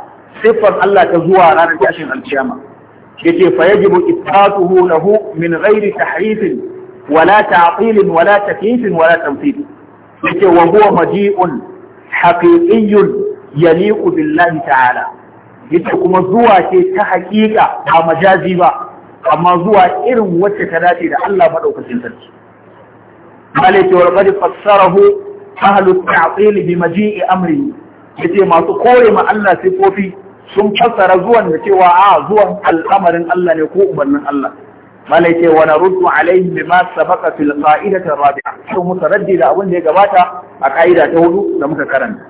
siffar Allah ta zuwa ranar tashin alkiyama yace fa yajibu ithbatuhu lahu min ghairi tahrif wala ta'til wala takyif wala tamthil yace wa huwa maji'un haqiqiyyun yaliqu billahi ta'ala yace kuma zuwa ce ta haƙiƙa ba majazi ba amma zuwa irin wacce ta dace da Allah madaukakin sarki malai ce wa qad fassarahu ahlu ta'til bi maji'i amri yace masu kore ma Allah sifofi sun fassara zuwan da cewa a zuwan al'amarin Allah ne ko umarnin Allah malai ce wa naruddu alaihim bima sabaqa fil qa'idati rabi'a to raddi da abin da ya gabata a ka'ida ta hudu da muka karanta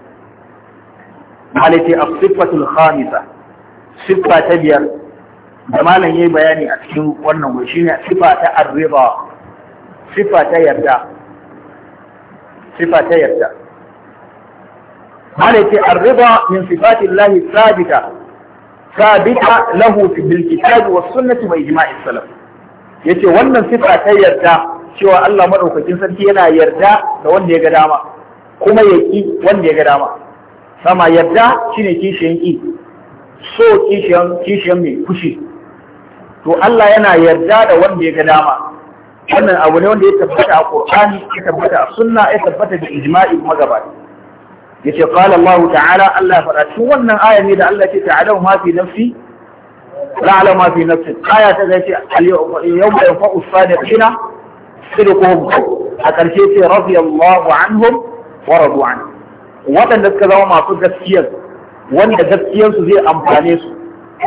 malai ce as-sifatul khamisa sifa ta biyar da malam yayi bayani a cikin wannan wai shine sifa ta arriba sifa ta yarda sifa ta yarda ana ce arriba min sifatin lahi sabita sabita lahu bil kitabi was sunnati wa ijma'is salaf yace wannan sifa ta yarda cewa Allah madaukakin sarki yana yarda da wanda ya ga dama kuma ya ki wanda ya ga dama sama yarda shine kishiyan ki so kishiyan kishiyan mai kushi to Allah yana yarda da wanda ya ga dama wannan abu ne wanda ya tabbata a Qur'ani ya tabbata a sunna ya tabbata da ijma'i magabata yace qala Allah ta'ala Allah fara cikin wannan aya ne da Allah ke ta'adau ma fi nafsi la ma fi nafsi aya ta zai ce yawma yanfa'u as-sadiqina sidquhum a karshe ce radiyallahu anhum wa radu anhu waɗanda suka zama masu gaskiyar wanda gaskiyarsu zai amfane su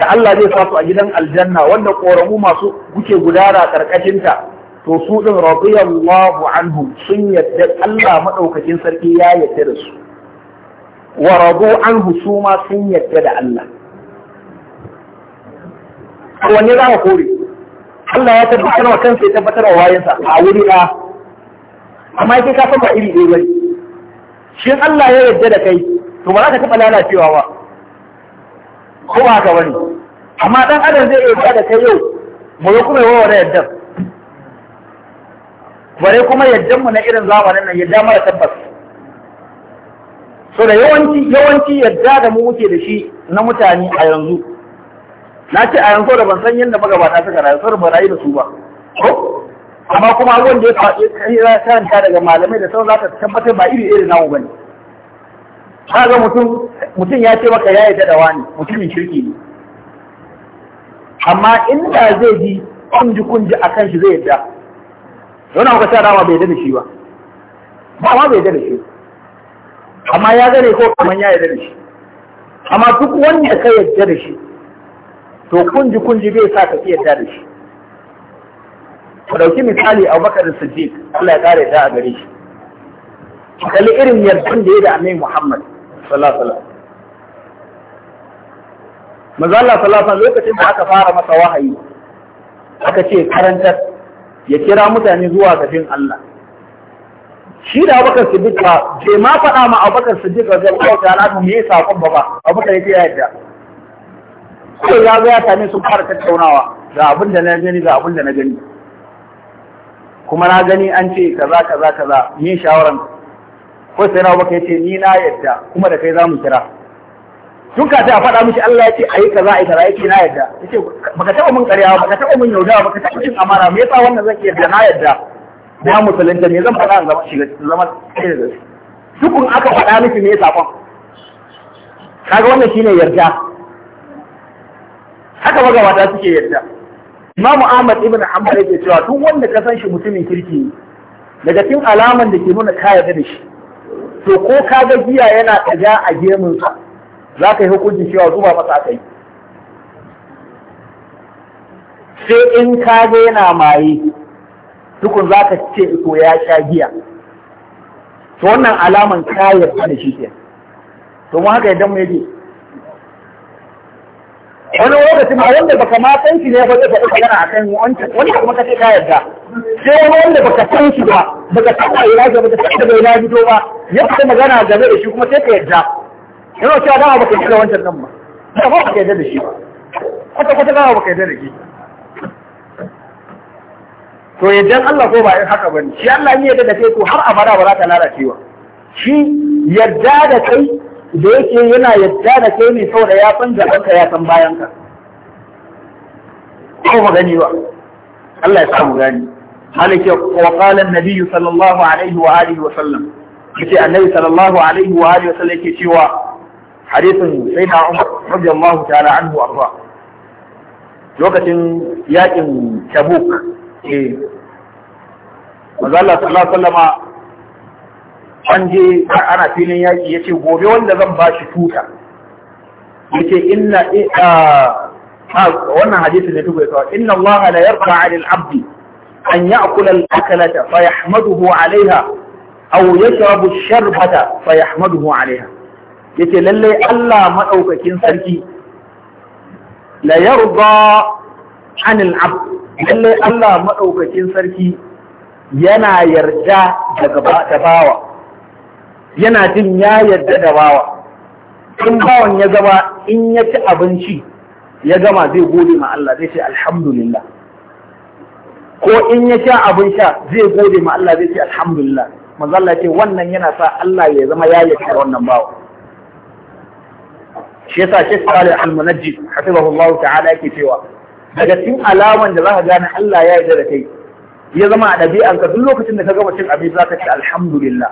da Allah zai sa su a gidan aljanna wanda koramu masu guke gudana ƙarƙashinta. to su din radiyallahu anhu sun yadda Allah madaukakin sarki ya yadda da su wa radu anhu su ma sun yadda da Allah a wanne za ka kore Allah ya tabbatar wa kansa ya tabbatar wa wayansa a wuri ba. amma yake ka san ba iri ɗaya bane shi Allah ya yadda da kai to ba za ka taɓa lalacewa ba ko ba ka bane amma dan adam zai yadda da kai yau mu kuma yawa da yadda bare kuma yaddan mu na irin zamanin nan yadda mara tabbas so da yawanci yawanci yadda da mu muke da shi na mutane a yanzu na ce a yanzu da ban san yadda magabata suka rayu sun ba rayu da su ba ko amma kuma wanda ya faɗi ya karanta daga malamai da sauran za ta tabbatar ba iri irin namu bane kaga mutum mutum ya ce maka ya yi da wani mutumin kirki ne amma inda zai ji kunji kunji akan shi zai yadda. wani abu ta dama bai da shi ba ba ma bai da shi amma ya gane ko kaman ya yarda da shi amma duk wanda ka yarda da shi to kunji kunji bai sa ka yarda da shi Ka dauki misali Abubakar Siddiq Allah ya kare ta a gare shi kalli irin yardan da ya da Annabi Muhammad sallallahu alaihi wasallam manzo Allah sallallahu alaihi wasallam lokacin da aka fara masa wahayi aka ce karantar ya kira mutane zuwa ga Allah shi da abakar siddiq ba je ma faɗa ma abakar siddiq radiyallahu ta'ala anhu me sakon ba ba abakar yake ya yadda ko ya ga ya same su fara tattaunawa ga abin da na gani ga abin da na gani kuma na gani an ce kaza kaza kaza ni shawaran ko sai na abakar yace ni na yadda kuma da kai za mu kira tun kafin a faɗa miki Allah ya ce ayi kaza ayi kaza yake na yadda yace baka taɓa mun ƙarya baka taɓa mun yauda baka taɓa cin amana me yasa wannan zan yadda na yadda na musulunta me zan faɗa zama shiga zama dukun aka faɗa miki me sakon kaga wannan shine yarda haka magabata suke yarda Imam Ahmad ibn Hanbal yake cewa duk wanda ka san shi mutumin kirki ne daga cikin alaman da ke nuna ka yarda da shi to ko kaga giya yana kaja a gemunsa za ka yi hukuncin cewa zuba masa aka yi sai in ka ga yana maye dukun za ka ce to ya sha giya to wannan alaman kayar da shi ke to mu haka idan mu yake wani lokaci ma wanda baka ma san shi ne ba zai faɗi magana akan wancan wani kuma kace ka yarda sai wani wanda baka san shi ba baka san a ina ga baka san da bai na fito ba ya faɗi magana game da shi kuma sai ka yarda yana cewa dama baka yarda da wancan nan ba da ba ka yarda da shi ba kwata kwata dama baka yarda da shi to yaddan Allah ko ba haka bane shi Allah ne yarda da kai ko har abada ba za ta lalace ba shi yadda da kai da yake yana yadda da kai ne saboda ya san gabanka ya san bayanka ko ba gani ba Allah ya samu gani malike wa qala an-nabi sallallahu alaihi wa alihi wa sallam yace annabi sallallahu alaihi wa alihi wa sallam yake cewa حديث سيدنا عمر رضي الله تعالى عنه وارضاه لوقت ياكم تبوك ماذا إيه. الله صلى الله عليه وسلم عندي انا فيني ياكي يتي غوبي ولا زن باشي توتا ان إيه آه وانا حديث اللي تبوي ان الله لا يرضى عن العبد ان ياكل الاكله فيحمده عليها او يشرب الشربة فيحمده عليها yace lallai Allah maɗaukakin sarki la yarda anil abd lallai Allah maɗaukakin sarki yana yarda da bawa yana jin ya yarda da bawa in bawan ya gaba in ya ci abinci ya gama zai gode ma Allah zai ce alhamdulillah ko in ya sha abin sha zai gode ma Allah zai ce alhamdulillah manzo Allah ce wannan yana sa Allah ya zama ya yarda wannan bawa shi yasa Sheikh Salih Al-Munajjid hafizahullahu ta'ala yake cewa daga cikin alaman da zaka gane Allah ya yarda da kai ya zama a ɗabi'anka duk lokacin da ka gama cin abinci zaka ce alhamdulillah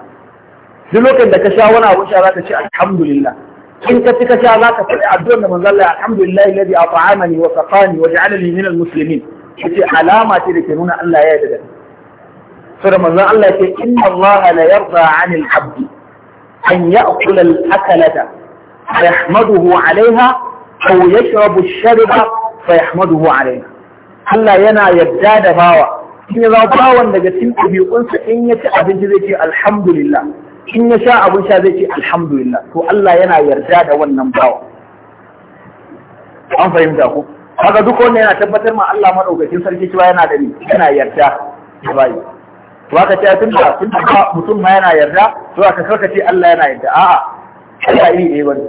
duk lokacin da ka sha wani abu sha zaka ce alhamdulillah in ka ci ka sha zaka faɗi addu'ar da manzon Allah alhamdulillah alladhi at'amani wa saqani wa ja'alani min almuslimin yace alama ce da ke nuna Allah ya yarda da kai sura manzon Allah ce inna Allah la yarda 'anil 'abdi an ya'kula al-akalata فيحمده عليها أو يشرب الشرب فيحمده عليها Allah yana yarda da bawa in ya zama bawan daga cikin ɗabi'unsa in ya ci abinci zai ce alhamdulillah in ya sha abin zai ce alhamdulillah to Allah yana yarda da wannan bawa an fahimta ku haka duk wanda yana tabbatar ma Allah madaukakin sarki cewa yana da ni yana yarda ce tun da mutum ma yana yarda to ka karka ce Allah yana yarda a'a ba iri ɗaya bane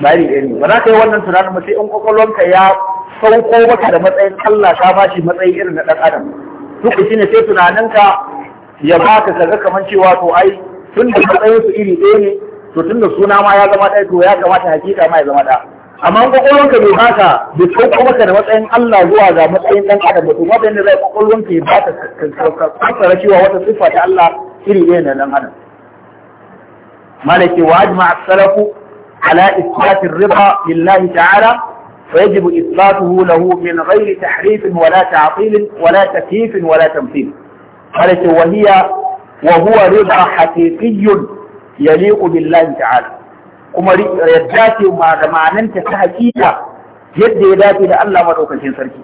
ba iri ɗaya ne ba za ka yi wannan tunanin ba sai in kwakwalwanka ya sauko maka da matsayin Allah ta bashi matsayin irin na ɗan adam duk shine sai tunaninka ya baka kaga kamar cewa to ai tun da matsayin su iri ɗaya ne to tun da suna ma ya zama ɗaya to ya kamata hakika ma ya zama ɗaya amma kwakwalwanka bai baka bai sauko maka da matsayin Allah zuwa ga matsayin ɗan adam ba to ba da zai kwakwalwanka ya baka ka fassara cewa wata siffa ta Allah iri ɗaya na ɗan adam malaki wa ajma as-salafu ala isbat ar-ridha lillahi ta'ala فيجب إثباته له من غير تحريف ولا تعطيل ولا تكييف ولا تمثيل قالت وهي وهو رضا حقيقي يليق بالله تعالى kuma yadda ce da ta hakika yadda ya dace da Allah madaukakin sarki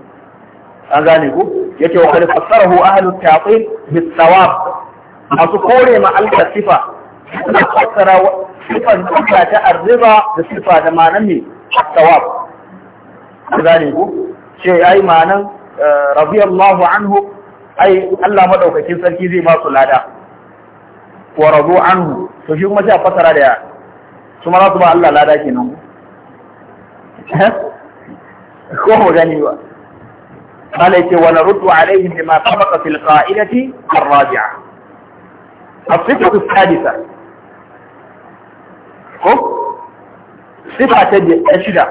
an gane ku yace wa qad fassarahu kore ma al sifa suna fassara sifan sifa ta arriba da sifa da ma'anan ne tawab ku gane ku ce ai ma'anan eh, radiyallahu anhu ai Allah madaukakin sarki zai ba su lada wa an anhu to shi kuma sai a fassara da ya su ma za su ba Allah lada kenan eh? ko mu gani ba wani a قال ونرد عليهم بما سبق في القاعدة الرابعة الصفة السادسة ko sifa ta ta shida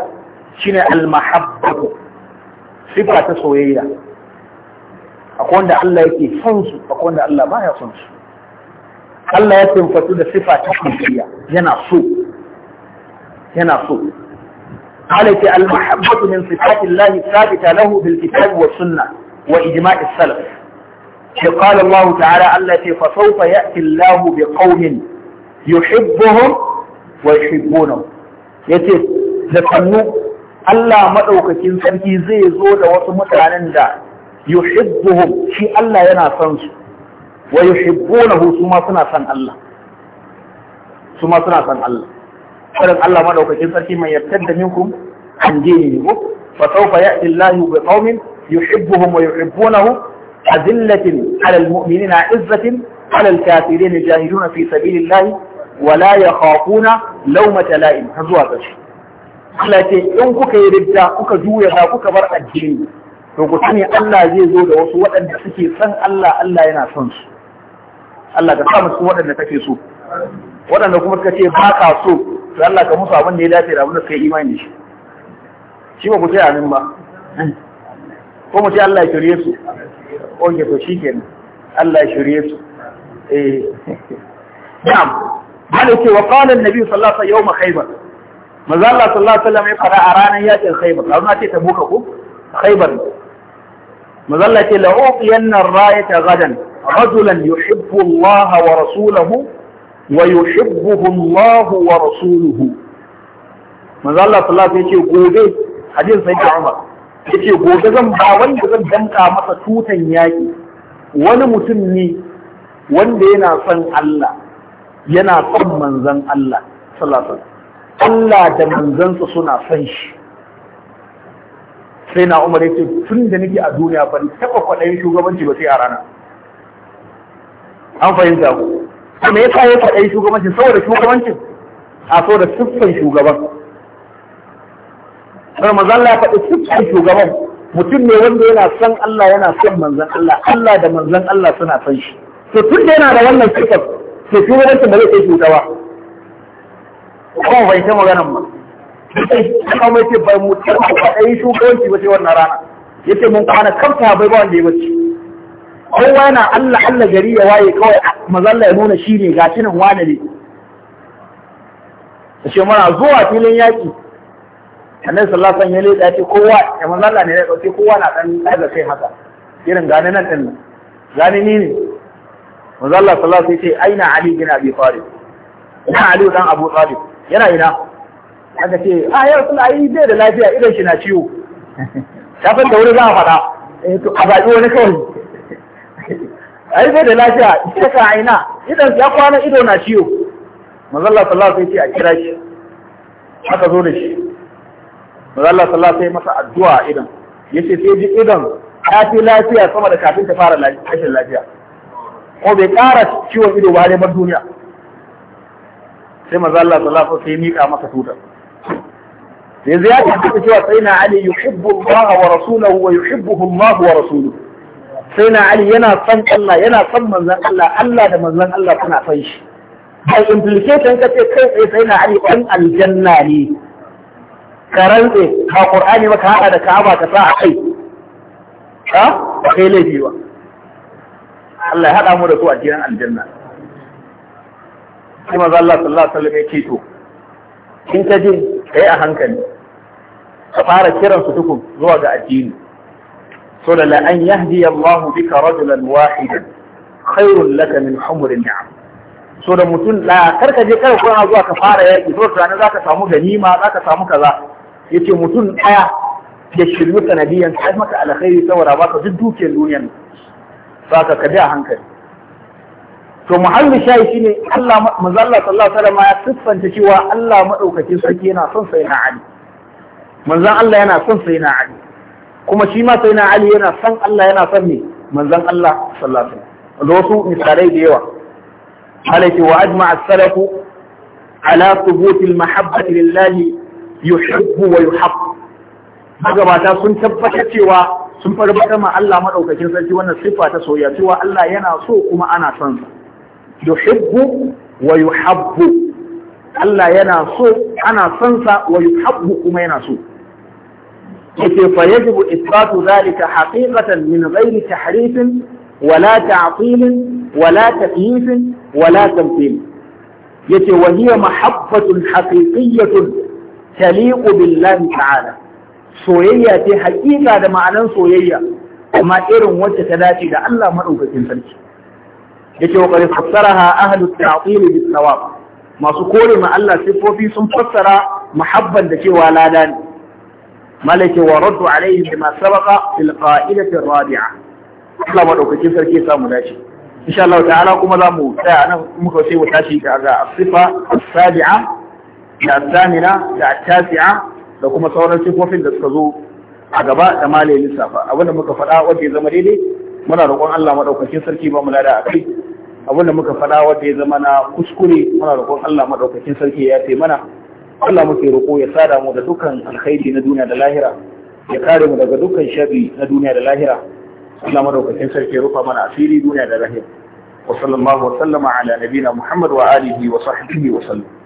shine al-mahabbatu sifa ta soyayya akwai wanda Allah yake son su akwai wanda Allah baya son su Allah ya tumfatu da sifa ta soyayya yana so yana so قالت المحبة من صفات الله الثابتة له بالكتاب والسنة وإجماع السلف قال الله تعالى التي فسوف يأتي الله بقوم يحبهم wa yuhibbuna yace da sannu Allah madaukakin sarki zai zo da wasu mutanen da yuhibbuhum shi Allah yana son su wa yuhibbunahu su ma suna son Allah su ma suna son Allah irin Allah madaukakin sarki mai yarda minkum an dini ne ko fa sawfa ya'ti Allahu bi qaumin yuhibbuhum wa yuhibbunahu أذلة على المؤمنين عزة على الكافرين يجاهدون في سبيل الله wala ya khafuna laumata la'im har zuwa ƙarshe Allah ce in kuka yi ridda kuka juya ba kuka bar addini to ku sani Allah zai zo da wasu waɗanda suke san Allah Allah yana son su Allah ka sa musu waɗanda kake so waɗanda kuma suka ce ba ka so to Allah ka musu abin da ya dace da abin da suka yi imani shi shi ba ku ce amin ba ko mu ce Allah ya shirye su oke to shikenan Allah ya shirye su eh malai ce wa qala annabi sallallahu alaihi wasallam khaybar manzo Allah sallallahu alaihi ya fara a ranar yakin khaybar Allah ce ta buka ku khaybar manzo Allah ce la uqiyanna ar-rayata gadan rajulan yuhibbu Allah wa rasuluhu wa yuhibbuhu Allah wa rasuluhu manzo Allah sallallahu ya ce gobe hadin sai da Umar ce gobe zan ba wanda zan danka masa tutan yaki wani mutum ne wanda yana son Allah yana son manzan Allah salatun Allah da manzansa suna son shi sai na umar yake tun da nake a duniya ban taɓa kwaɗayin shugabanci ba sai a rana an fahimta ku to me yasa ya kwaɗayi shugabancin saboda shugabancin a saboda siffan shugaban sai ya faɗi siffan shugaban mutum ne wanda yana son Allah yana son manzan Allah Allah da manzan Allah suna son shi to tun da yana da wannan siffar to shugabancin ba zai kai ba kuma bai ta maganan ba kuma mai ce bai ba dai su shugabanci ba sai wannan rana yace mun kwana kanta bai ba wanda ya bace kowa yana Allah Allah gari ya waye kawai mazalla ya nuna shi ne gashi nan wani ne shi mana zuwa filin yaƙi annabi sallallahu alaihi wasallam ya leda ce kowa ya Mazalla ne ya dauke kowa na dan da kai haka irin gane nan din gane ni ne manzo Allah sallallahu alaihi wasallam aina ali bin abi talib ina ali dan abu talib yana ina aka ce a ah, ya rasul ai bai da lafiya idan shi na ciwo ta san da wuri za a fada eh to a zabi wani kawai ai bai da lafiya ita ka aina idan ya kwana ido na ciwo manzo Allah sallallahu alaihi wasallam a kira shi aka zo da shi manzo Allah sallallahu alaihi wasallam masa addu'a idan yace sai ji idan ta fi lafiya sama da kafin ta fara rashin lafiya ko bai ƙara ciwon ido ba dai bar duniya sai maza Allah sallallahu lafa sai sai masa sai Zai yaki suka cewa sai na Ali yuhibbu Allah wa rasuluhu wa yuhibbuhu Allah wa rasuluhu sai na Ali yana son Allah yana son manzon Allah Allah da manzon Allah suna son shi by implication kace kai tsaye sai na Ali dan aljanna ne ka rantse ka Qur'ani maka hada da Ka'aba ka sa a kai ha ba kai laifi ba Allah ya haɗa mu da su a gidan aljanna sai maza Allah sallallahu alaihi wasallam ya ce to in ka ji ka yi a hankali ka fara kiran su tukun zuwa ga addini so da la an yahdi Allah bika rajulan wahidan khairun laka min humrin ni'am so da mutum da karka je kada kuna zuwa ka fara yaki so za ka samu ganima za ka samu kaza yace mutum daya ya shiryu sanadiyan sai maka alkhairi saboda baka duk dukiyar duniyar saka ka bi a hankali to muhallu shayi ne, Allah manzo Allah sallallahu alaihi wasallam ya siffanta cewa Allah madaukake sarki yana son sai Ali manzon Allah yana son sai Ali kuma shi ma sai Ali yana son Allah yana son ne manzon Allah sallallahu alaihi wasallam da wasu misalai da yawa halaki wa ajma as-salafu ala thubut al-mahabbati lillahi yuhibbu wa yuhibbu magabata sun tabbatar cewa sun farbaɗa ma Allah maɗaukakin sarki wannan siffa ta soya cewa Allah yana so kuma ana son sa yuhibbu wa yuhabbu Allah yana so ana son sa wa yuhabbu kuma yana so yake fa yajibu ithbatu zalika haqiqatan min ghairi tahrifin wala ta'tilin wala takyifin wala tamthil yace wa hiya mahabbatun haqiqiyyatun taliqu billahi ta'ala soyayya ce hakika da ma'anan soyayya amma irin wacce ta dace da Allah maɗaukakin sarki yake wa qad fassaraha ahlut ta'til bis sawab masu kore ma Allah sifofi sun fassara muhabban da cewa lada ne Malaki wa raddu alayhi bima sabaqa fil qa'idati rabi'a Allah maɗaukakin sarki ya samu dace insha Allah ta'ala kuma za mu tsaya nan muka sai mu tashi ga asifa as-sabi'a da as-samina da at-tasi'a da kuma sauran sifofin da suka zo a gaba da malaye lissafa abinda muka faɗa wanda ya zama daidai muna roƙon Allah maɗaukakin sarki ba mu lada a kai abinda muka faɗa wanda ya zama na kuskure muna roƙon Allah maɗaukakin sarki ya ce mana Allah muke roƙo ya sada mu da dukkan alkhairi na duniya da lahira ya kare mu daga dukkan sharri na duniya da lahira Allah maɗaukakin sarki ya rufa mana asiri duniya da lahira wa sallallahu wa sallama ala nabina Muhammad wa alihi wa sahbihi wa sallam